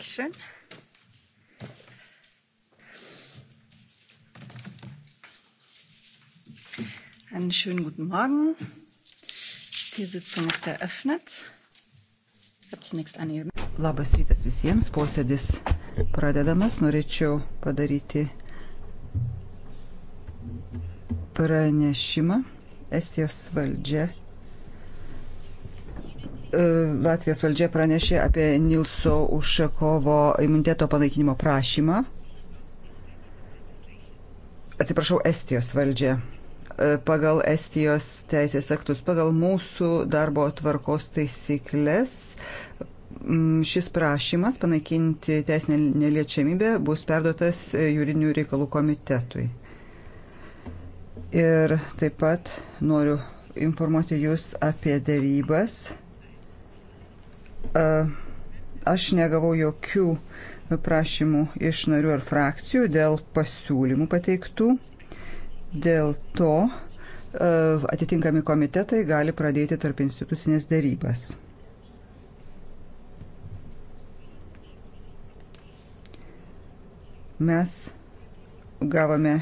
action. Einen schönen guten Morgen. Die Sitzung ist eröffnet. Ich habe zunächst eine. Labas rytas visiems, posėdis pradedamas. Norėčiau padaryti pranešimą. Estijos valdžia E, Latvijos valdžia pranešė apie Nilso Ušakovo imuniteto panaikinimo prašymą. Atsiprašau, Estijos valdžia. E, pagal Estijos teisės aktus, pagal mūsų darbo tvarkos taisyklės, šis prašymas panaikinti teisinę neliečiamybę bus perduotas jūrinių reikalų komitetui. Ir taip pat noriu informuoti Jūs apie dėrybas Aš negavau jokių prašymų iš narių ar frakcijų dėl pasiūlymų pateiktų. Dėl to atitinkami komitetai gali pradėti tarp institucinės dėrybas. Mes gavome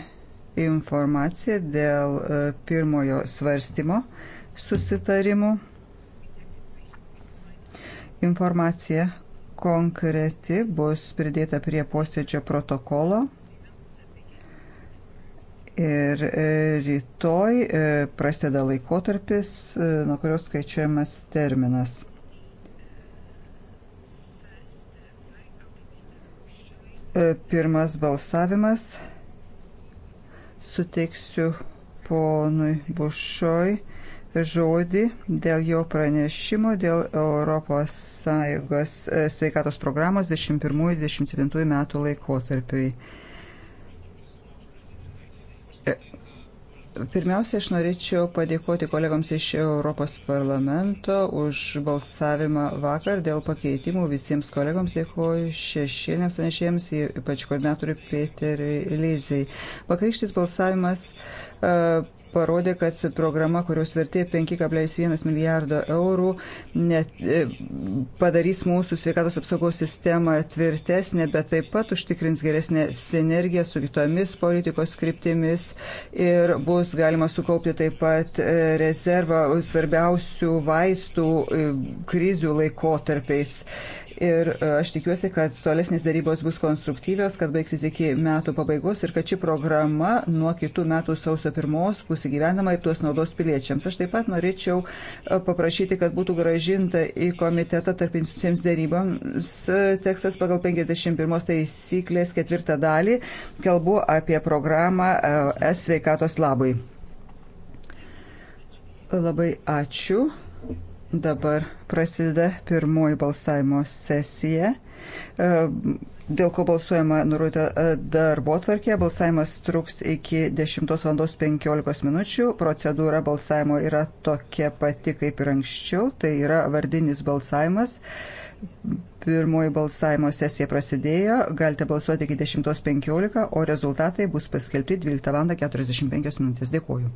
informaciją dėl pirmojo svarstymo susitarimų Informacija konkreti bus pridėta prie posėdžio protokolo. Ir e, rytoj e, prasideda laikotarpis, e, nuo kurio skaičiuojamas terminas. Pirmas balsavimas suteiksiu ponui Bušoj žodį dėl jo pranešimo, dėl ES e, sveikatos programos 21-27 metų laikotarpiui. E, pirmiausia, aš norėčiau padėkoti kolegoms iš Europos parlamento už balsavimą vakar dėl pakeitimų. Visiems kolegoms dėkoju šešėlėms panešėjams, ypač koordinatoriui Peteriui Lyzai. Vakarykštis balsavimas uh, parodė, kad programa, kurios vertė 5,1 milijardo eurų, net, e, padarys mūsų sveikatos apsaugos sistemą tvirtesnė, bet taip pat užtikrins geresnę sinergiją su kitomis politikos kryptimis ir bus galima sukaupti taip pat e, rezervą svarbiausių vaistų e, krizių laikotarpiais. Ir e, aš tikiuosi, kad tolesnės darybos bus konstruktyvios, kad baigsis iki metų pabaigos ir kad ši programa nuo kitų metų sausio pirmos bus įgyvenama ir tuos naudos piliečiams. Aš taip pat norėčiau e, paprašyti, kad būtų gražinta į komitetą tarp institucijams daryboms e, tekstas pagal 51 taisyklės ketvirtą dalį. Kalbu apie programą S sveikatos labui. Labai ačiū. Dabar prasideda pirmoji balsavimo sesija. E, dėl ko balsuojama nurodyta e, darbo tvarkė, balsavimas truks iki 10.15 min. Procedūra balsavimo yra tokia pati kaip ir anksčiau, tai yra vardinis balsavimas. Pirmoji balsavimo sesija prasidėjo, galite balsuoti iki 10.15, o rezultatai bus paskelbti 12.45 min. Dėkuoju.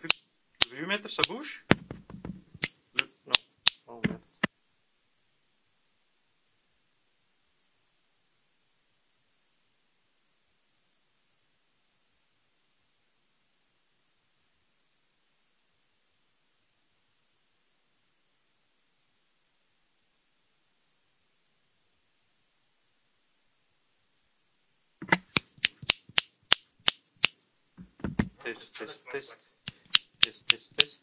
plus. Je vais lui mettre sa bouche. Le... Non. Oh merde. Test, test, test. Test, Test, Test.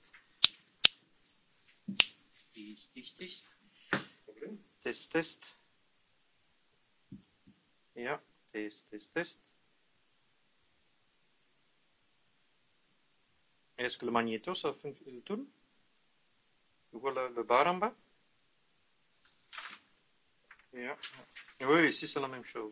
Test, Test, Test. Problem? Test, Test. Ja, Test, Test, Test. Est-ce er que le magnéto, ça fonctionne, tourne Voilà le bar en bas. Ja. Oui, ici c'est la même chose.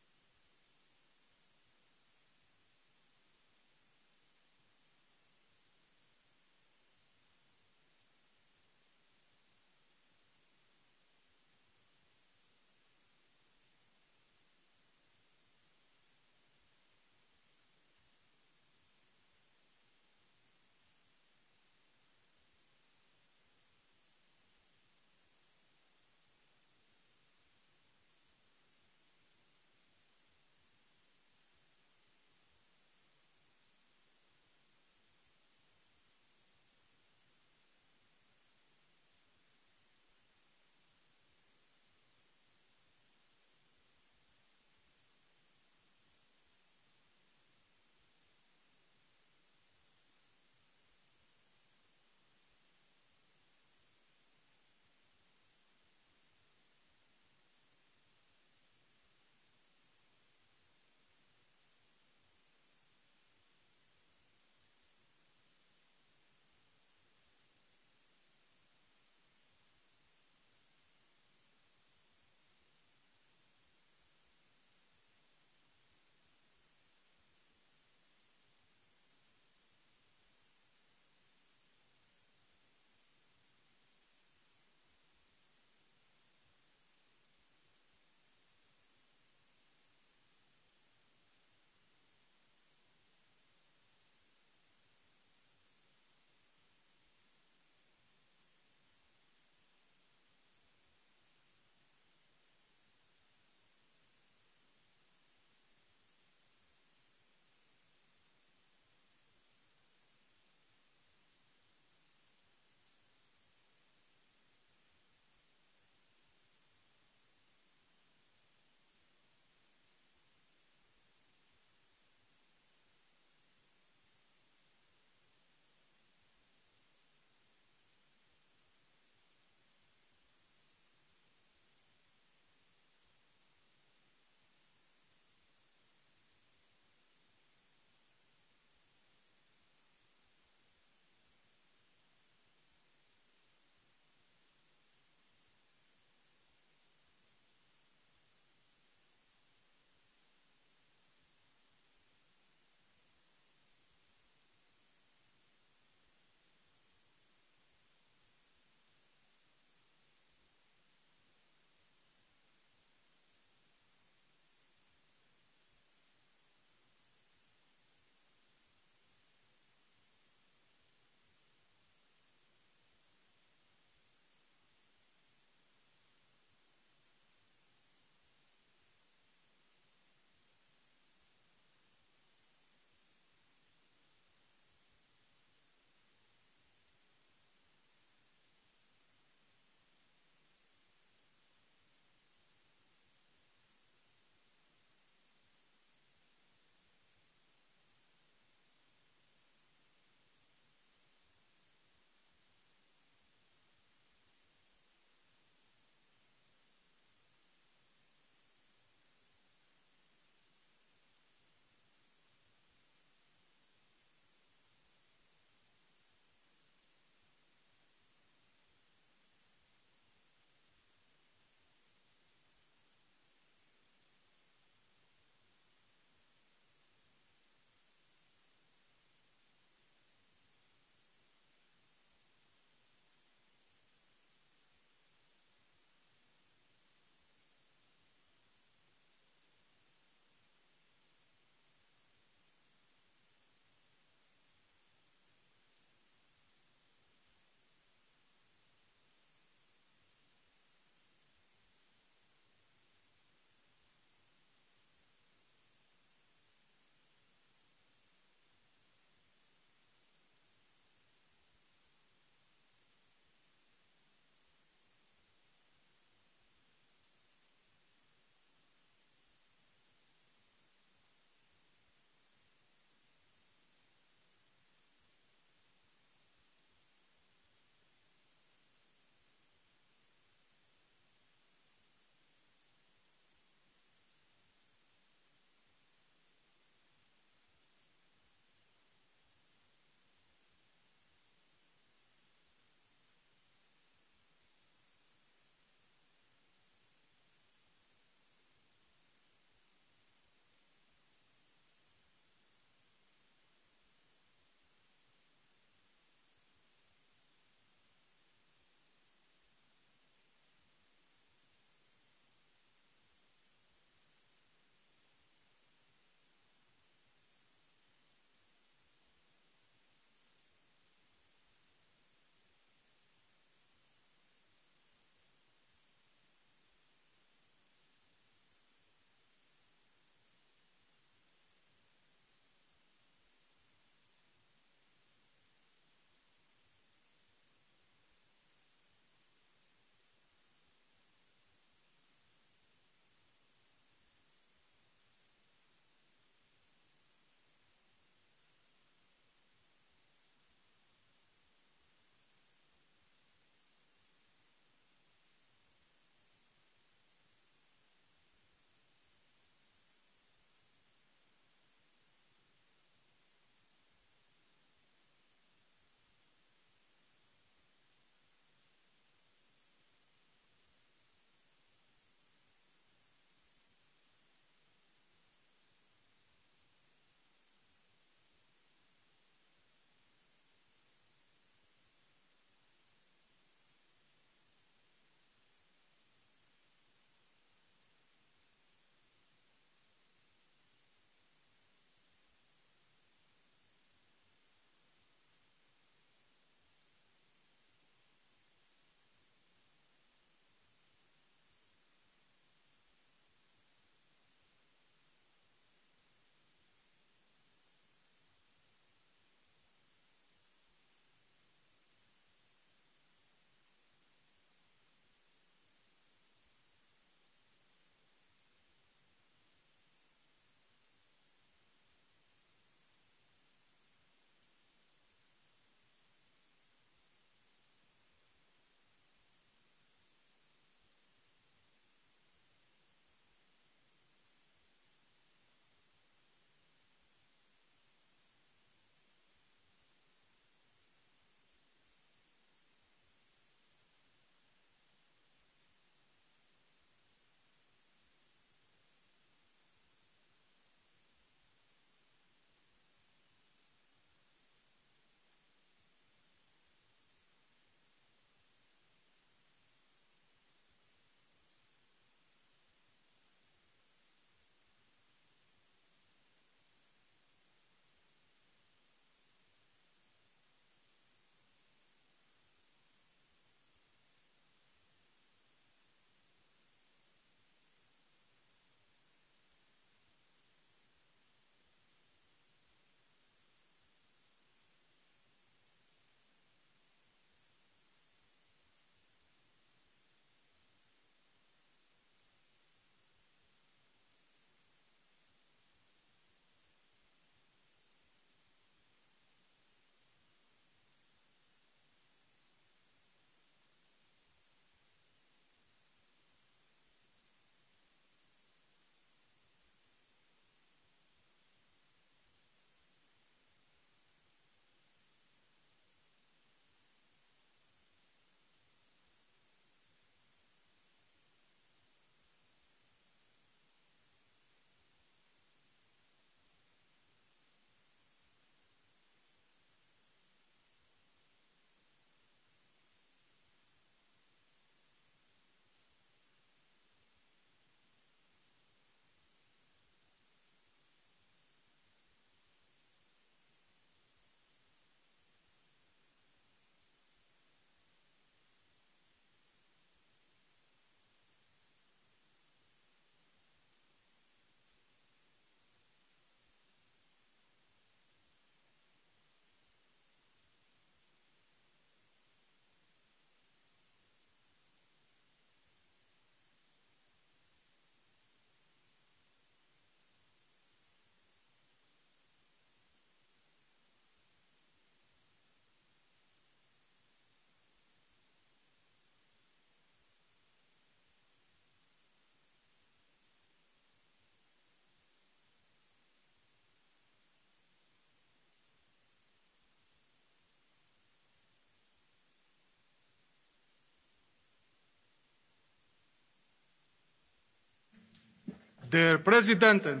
der präsidentin!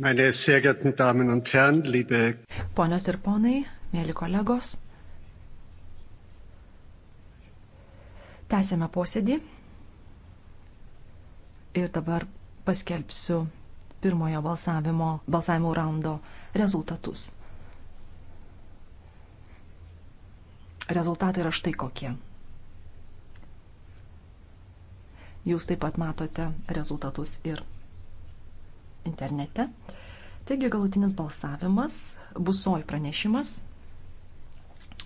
meine sehr geehrten damen und herren liebe ponios ir ponai mieli kolegos tęsiame posėdį ir dabar paskelbsiu pirmojo balsavimo, balsavimo raundo rezultatus. Rezultatai yra štai kokie. Jūs taip pat matote rezultatus ir internete. Taigi galutinis balsavimas bus soj pranešimas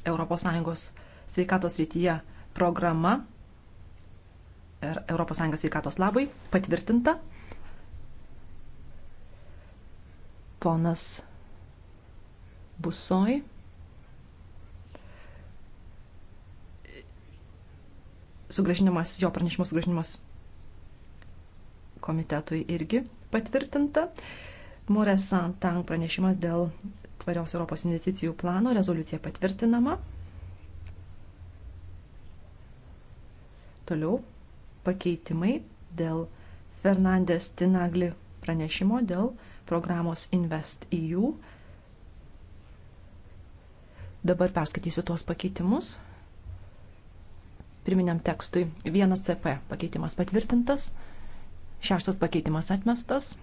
ES sveikatos rytyje programa ES sveikatos labai patvirtinta ponas Busoj. Sugražinimas, jo pranešimo sugražinimas komitetui irgi patvirtinta. Mure Santang pranešimas dėl tvarios Europos investicijų plano, rezoliucija patvirtinama. Toliau pakeitimai dėl Fernandės Tinagli pranešimo dėl programos InvestEU. Dabar perskaitysiu tuos pakeitimus. Pirminiam tekstui vienas CP pakeitimas patvirtintas, šeštas pakeitimas atmestas,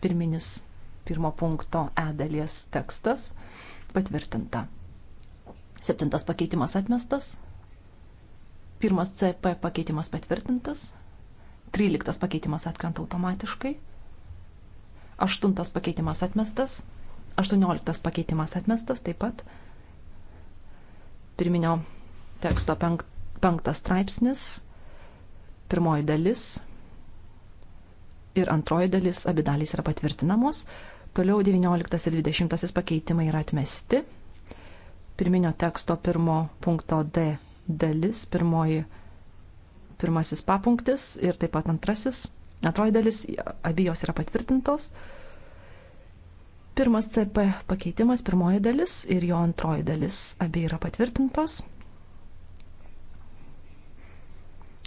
pirminis pirmo punkto E dalies tekstas patvirtinta. Septintas pakeitimas atmestas, pirmas CP pakeitimas patvirtintas, tryliktas pakeitimas atkrenta automatiškai, Aštuntas pakeitimas atmestas. Aštuonioliktas pakeitimas atmestas taip pat. Pirminio teksto penk, penktas straipsnis, pirmoji dalis ir antroji dalis, abi dalys yra patvirtinamos. Toliau 19 ir 20 pakeitimai yra atmesti. Pirminio teksto pirmo punkto D dalis, pirmoji, pirmasis papunktis ir taip pat antrasis Antroji dalis, abi jos yra patvirtintos. Pirmas CP pakeitimas, pirmoji dalis ir jo antroji dalis, abi yra patvirtintos.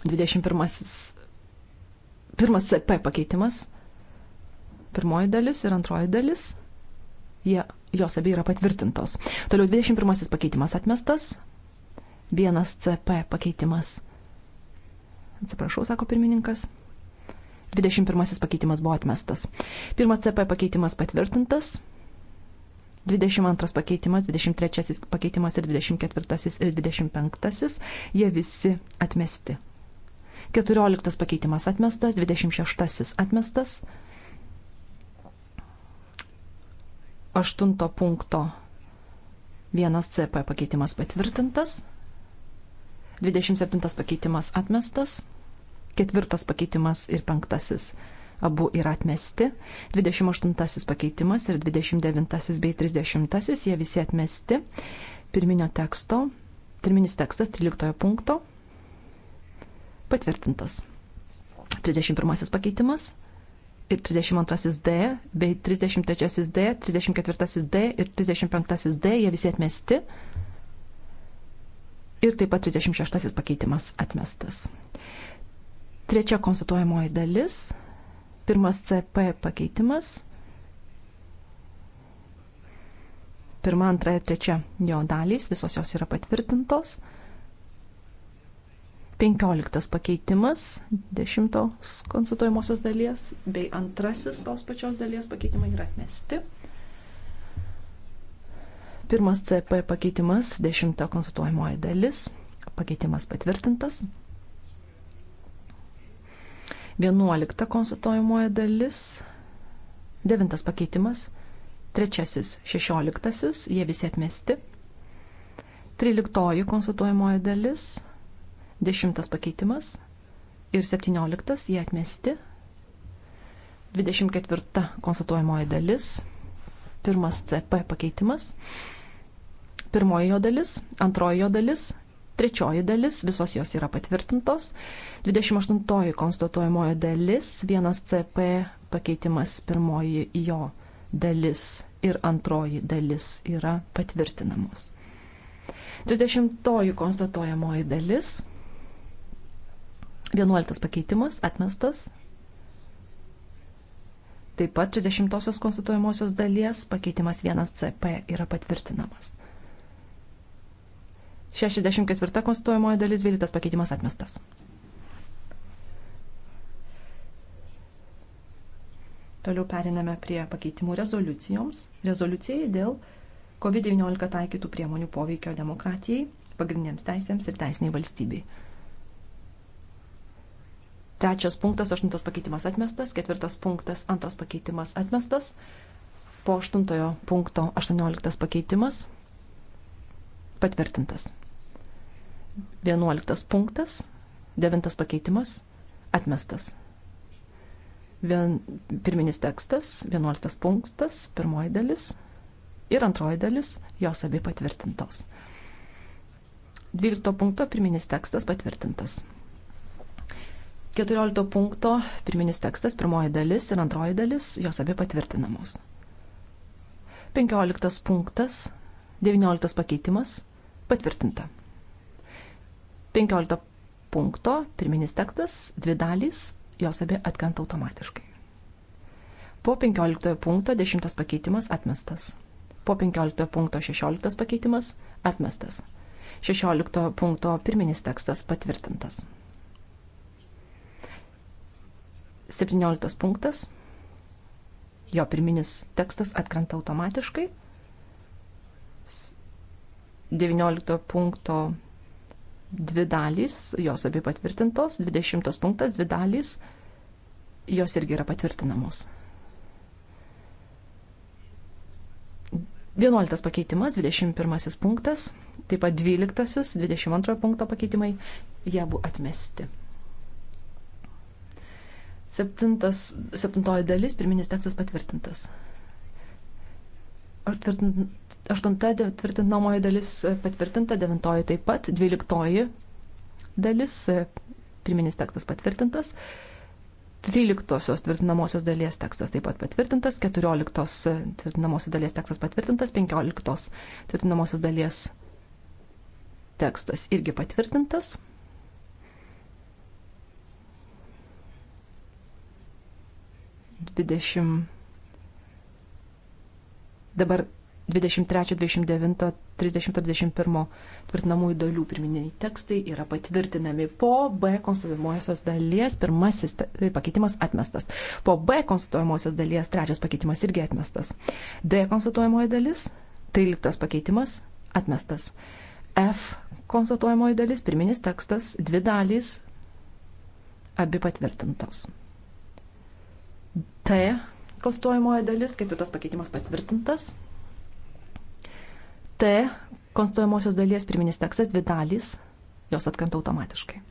21 pirmas CP pakeitimas, pirmoji dalis ir antroji dalis, jie, jos abi yra patvirtintos. Toliau 21 pakeitimas atmestas, vienas CP pakeitimas. Atsiprašau, sako pirmininkas. 21 pakeitimas buvo atmestas. Pirmas CP pakeitimas patvirtintas. 22 pakeitimas, 23 pakeitimas ir 24 ir 25, jie visi atmesti. 14 pakeitimas atmestas, 26 atmestas, 8 punkto 1 CP pakeitimas patvirtintas, 27 pakeitimas atmestas, Ketvirtas pakeitimas ir penktasis abu yra atmesti. 28 pakeitimas ir 29 bei 30 jie visi atmesti. Pirminio teksto, pirminis tekstas 13 punkto patvirtintas. 31 pakeitimas ir 32 D bei 33 D, 34 D ir 35 D jie visi atmesti. Ir taip pat 36 pakeitimas atmestas. Trečia konstatuojamoji dalis. Pirmas CP pakeitimas. Pirma, antra ir trečia jo dalys, visos jos yra patvirtintos. 15 pakeitimas 10 konstatuojamosios dalies bei antrasis tos pačios dalies pakeitimai yra atmesti. Pirmas CP pakeitimas 10 konstatuojamoji dalis, pakeitimas patvirtintas. 11 konstatuojamoji dalis, 9 pakeitimas, 3 16, jie visi atmesti, 13 konstatuojamoji dalis, 10 pakeitimas ir 17 jie atmesti, 24 konstatuojamoji dalis, 1 CP pakeitimas, pirmoji jo dalis, antroji jo dalis, Trečioji dalis, visos jos yra patvirtintos. 28 konstatuojamoji dalis, vienas CP pakeitimas, pirmoji jo dalis ir antroji dalis yra patvirtinamos. 30 konstatuojamoji dalis, 11 pakeitimas atmestas, Taip pat 30-osios konstituojamosios dalies pakeitimas 1CP yra patvirtinamas. 64 konstituojamoji dalis, 12 pakeitimas atmestas. Toliau periname prie pakeitimų rezoliucijoms. Rezoliucijai dėl COVID-19 taikytų priemonių poveikio demokratijai, pagrindiniams teisėms ir teisiniai valstybei. Trečias punktas, aštuntas pakeitimas atmestas, ketvirtas punktas, antras pakeitimas atmestas, po aštuntojo punkto aštuonioliktas pakeitimas patvirtintas. 11 punktas, 9 pakeitimas, atmestas. Vien, pirminis tekstas, 11 punktas, pirmoji dalis ir antroji dalis, jos abi patvirtintos. 12 punkto pirminis tekstas patvirtintas. 14 punkto pirminis tekstas, pirmoji dalis ir antroji dalis, jos abi patvirtinamos. 15 punktas, 19 pakeitimas, patvirtinta. 15 punkto pirminis tekstas, dvi dalys, jos abi atkrenta automatiškai. Po 15 punkto 10 pakeitimas atmestas. Po 15 punkto 16 pakeitimas atmestas. 16 punkto pirminis tekstas patvirtintas. 17 punktas. Jo pirminis tekstas atkrenta automatiškai. 19 punkto dvi dalys, jos abi patvirtintos, 20 punktas, dvi dalys, jos irgi yra patvirtinamos. 11 pakeitimas, 21 punktas, taip pat 12, 22 punkto pakeitimai, jie buvo atmesti. Septintas, septintoji dalis, pirminis tekstas patvirtintas. Aštunta tvirtinamoji dalis e, patvirtinta, devintoji taip pat, dvyliktoji dalis, e, pirminis tekstas patvirtintas, tryliktosios tvirtinamosios dalies tekstas taip pat patvirtintas, keturioliktos e, tvirtinamosios dalies tekstas patvirtintas, penkioliktos tvirtinamosios dalies tekstas irgi patvirtintas. Dvidešimt dabar 23, 29, 30, 31 tvirtinamųjų dalių pirminiai tekstai yra patvirtinami. Po B konstatuojamosios dalies pirmasis tai pakeitimas atmestas. Po B konstatuojamosios dalies trečias pakeitimas irgi atmestas. D konstatuojamoji dalis, 13 pakeitimas atmestas. F konstatuojamoji dalis, pirminis tekstas, dvi dalys, abi patvirtintos. T konstituojamoji dalis, ketvirtas pakeitimas patvirtintas. T konstituojamosios dalies pirminis tekstas, dvi dalys, jos atkanta automatiškai.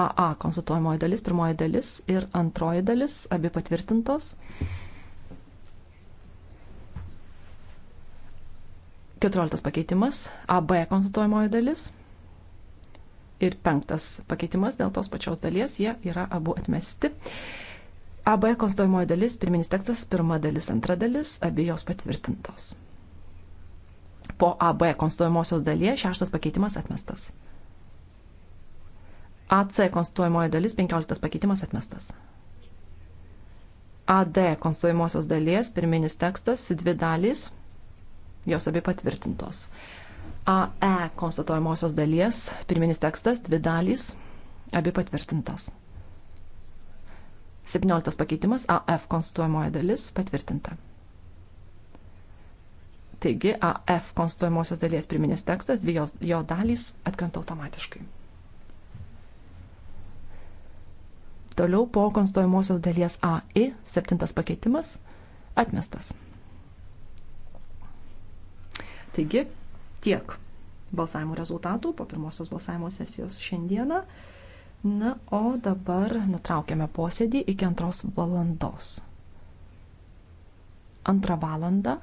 AA konstatuojamoji dalis, pirmoji dalis ir antroji dalis, abi patvirtintos. Keturioliktas pakeitimas, AB konstatuojamoji dalis ir penktas pakeitimas dėl tos pačios dalies, jie yra abu atmesti. AB konstatuojamoji dalis, pirminis tekstas, pirma dalis, antra dalis, abi jos patvirtintos. Po AB konstatuojamosios dalies šeštas pakeitimas atmestas. AC konstatuojamoji dalis, penkioliktas pakeitimas atmestas. AD konstatuojamosios dalies, pirminis tekstas, dvi dalys, jos abi patvirtintos. AE konstatuojamosios dalies, pirminis tekstas, dvi dalys, abi patvirtintos. 17 pakeitimas AF konstituojamoji dalis patvirtinta. Taigi AF konstituojamosios dalies pirminis tekstas, dvi jo dalys atkrenta automatiškai. Toliau po konstituojamosios dalies AI septintas pakeitimas atmestas. Taigi tiek balsavimo rezultatų po pirmosios balsavimo sesijos šiandieną. Na, o dabar nutraukiame posėdį iki antros valandos. Antrą valandą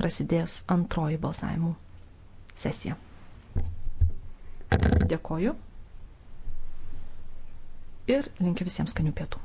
prasidės antroji balsavimų sesija. Dėkoju ir linkiu visiems skanių pietų.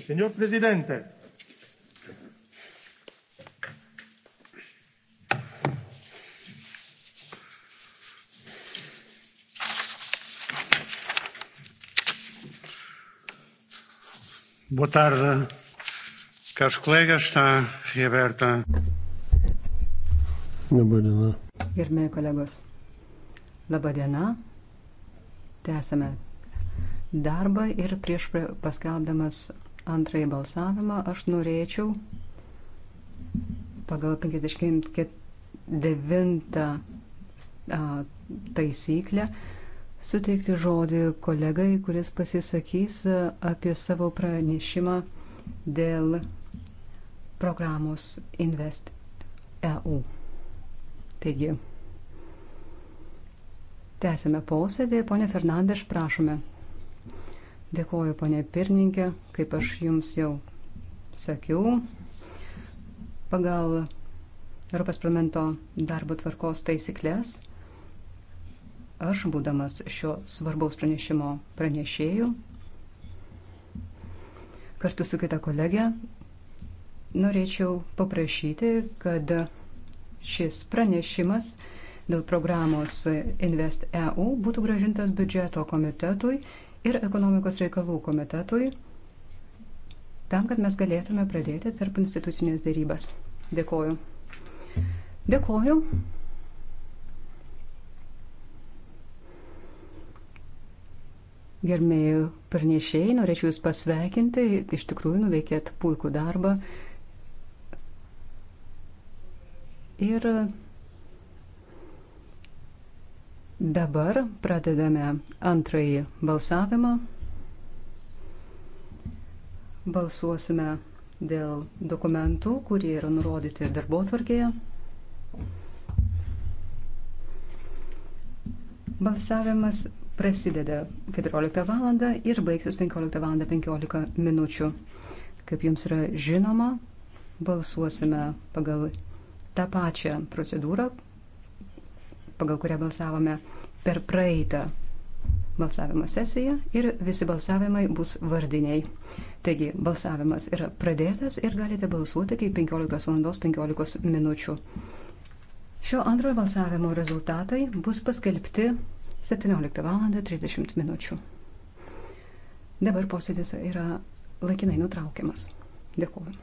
Signor Presidente, Boa tarde, caros colegas. Está reaberta. Labadiena. Gerbėjai kolegos. Labadiena. Tęsame darbą ir prieš paskelbdamas antrąjį balsavimą, aš norėčiau pagal 59 taisyklę suteikti žodį kolegai, kuris pasisakys apie savo pranešimą dėl programos Invest EU. Taigi, tęsime posėdį. Pone Fernandes, prašome. Dėkoju, ponė pirmininkė, kaip aš jums jau sakiau, pagal Europos parlamento darbo tvarkos taisyklės, aš, būdamas šio svarbaus pranešimo pranešėjų, kartu su kita kolegė, norėčiau paprašyti, kad šis pranešimas dėl programos InvestEU būtų gražintas biudžeto komitetui ir ekonomikos reikalų komitetui, tam, kad mes galėtume pradėti tarp institucinės dėrybas. Dėkoju. Dėkoju. Gerbėjų pranešėjai, norėčiau Jūs pasveikinti, iš tikrųjų nuveikėt puikų darbą. Ir Dabar pradedame antrąjį balsavimą. Balsuosime dėl dokumentų, kurie yra nurodyti darbo tvarkėje. Balsavimas prasideda 14 val. ir baigsis 15 val. 15 minučių. Kaip jums yra žinoma, balsuosime pagal tą pačią procedūrą, pagal kurią balsavome per praeitą balsavimo sesiją ir visi balsavimai bus vardiniai. Taigi balsavimas yra pradėtas ir galite balsuoti iki 15 val. 15 minučių. Šio antrojo balsavimo rezultatai bus paskelbti 17 val. 30 minučių. Dabar posėdis yra laikinai nutraukiamas. Dėkuoju.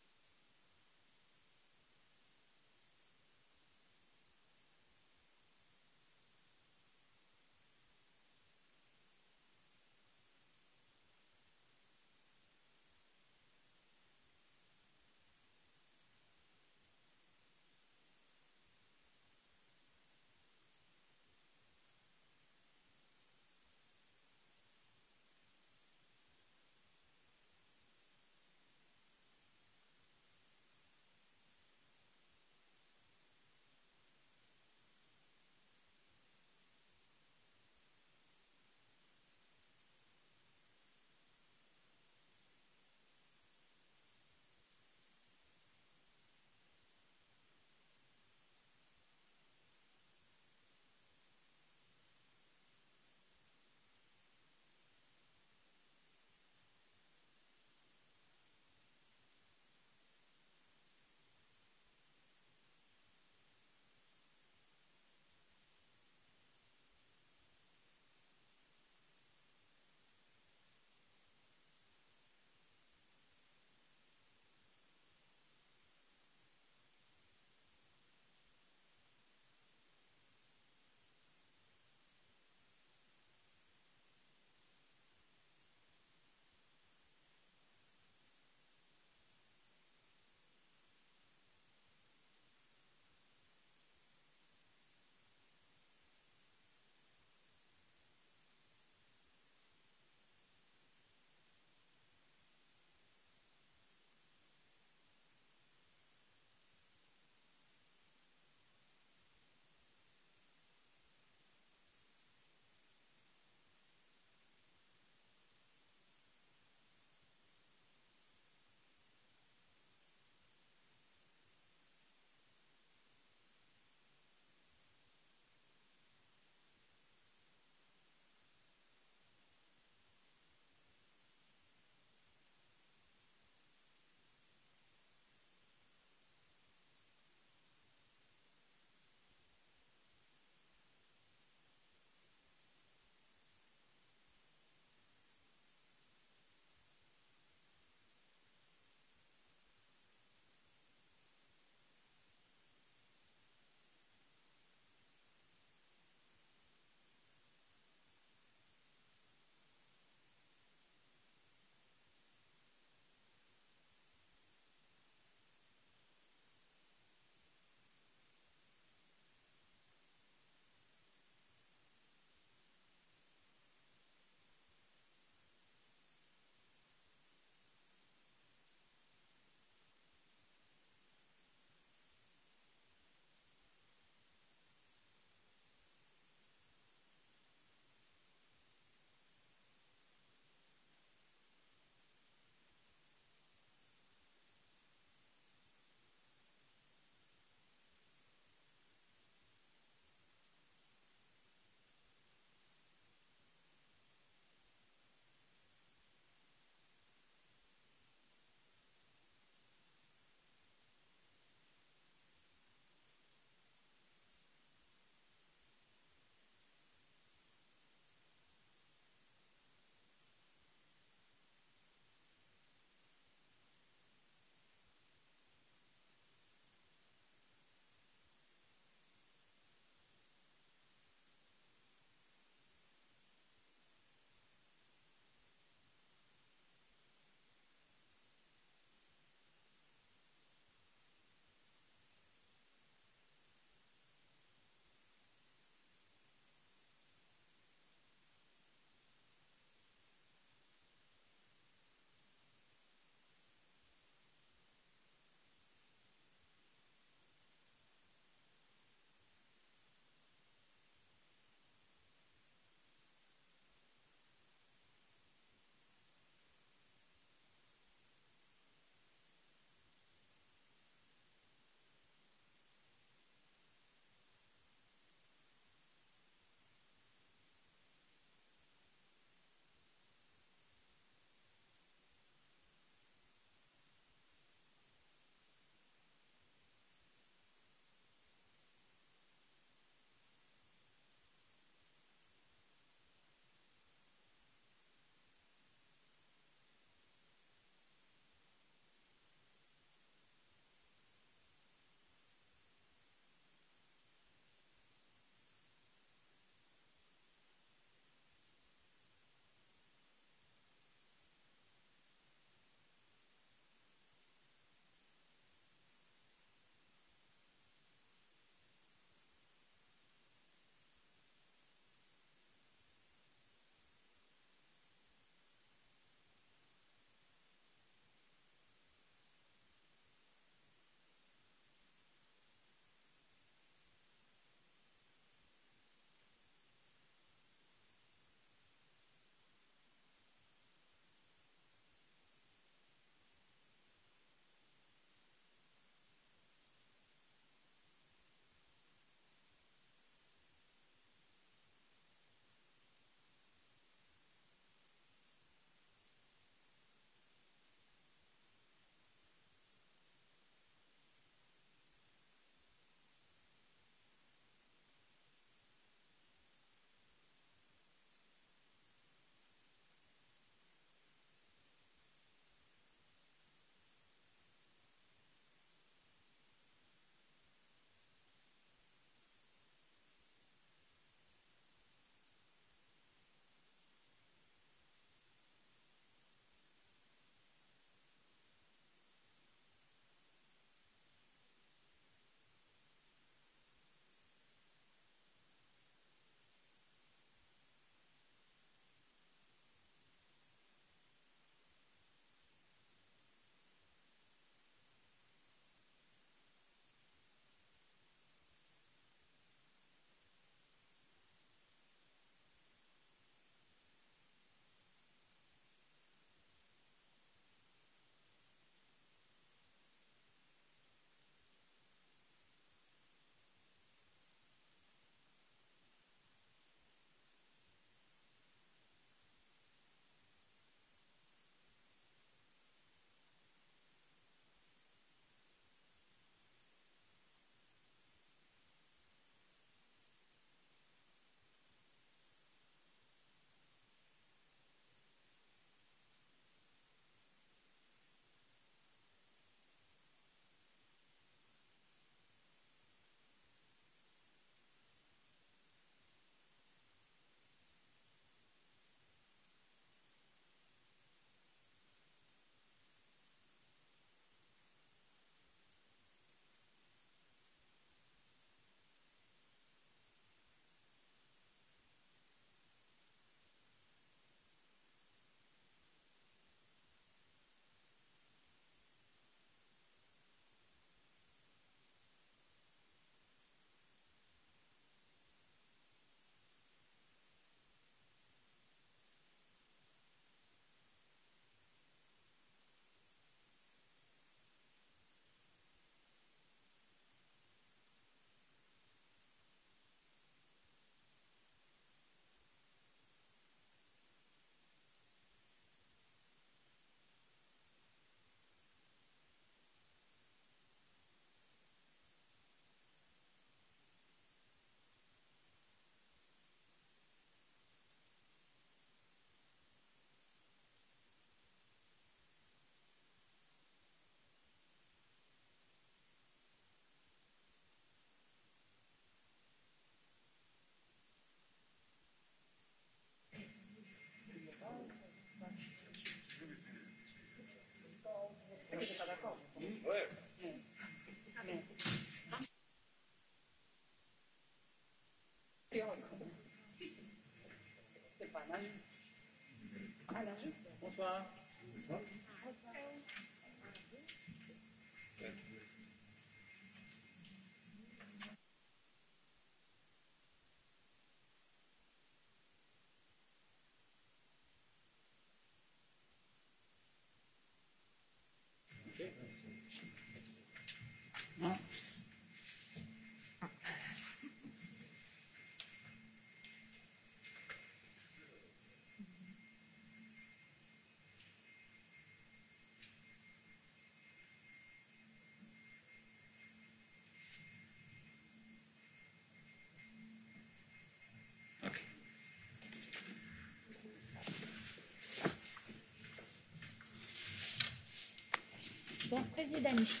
French.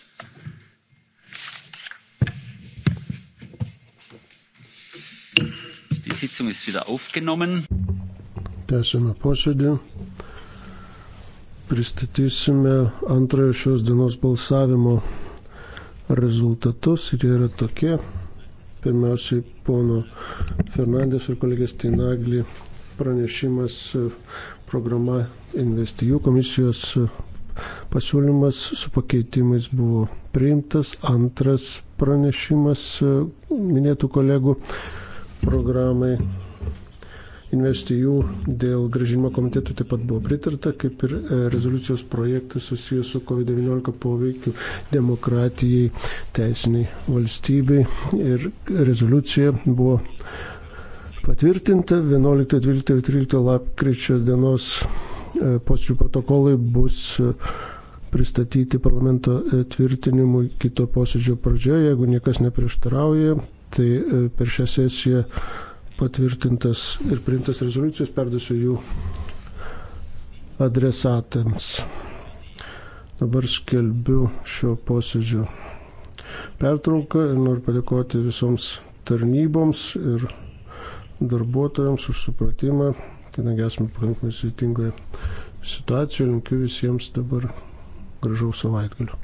Die Sitzung ist wieder aufgenommen. Tęsime posėdį. Pristatysime antrojo šios dienos balsavimo rezultatus ir jie yra tokie. Pirmiausiai pono Fernandės ir kolegės Tinagli pranešimas e, programa investijų komisijos e, Pasiūlymas su pakeitimais buvo priimtas. Antras pranešimas e, minėtų kolegų programai investijų dėl gražinimo komitetų taip pat buvo pritarta, kaip ir e, rezoliucijos projektas susijęs su COVID-19 poveikiu demokratijai, teisiniai valstybei. Ir rezoliucija buvo patvirtinta 11, 12 ir 13 lapkričio dienos e, posėdžių protokolai bus pristatyti parlamento e, tvirtinimui kito posėdžio pradžioje, jeigu niekas neprieštarauja, tai e, per šią sesiją patvirtintas ir priimtas rezoliucijos perdusiu jų adresatams. Dabar skelbiu šio posėdžio pertrauką ir noriu padėkoti visoms tarnyboms ir darbuotojams už supratimą, kadangi esame pakankamai sudėtingoje situacijoje, linkiu visiems dabar gražaus savaitgalio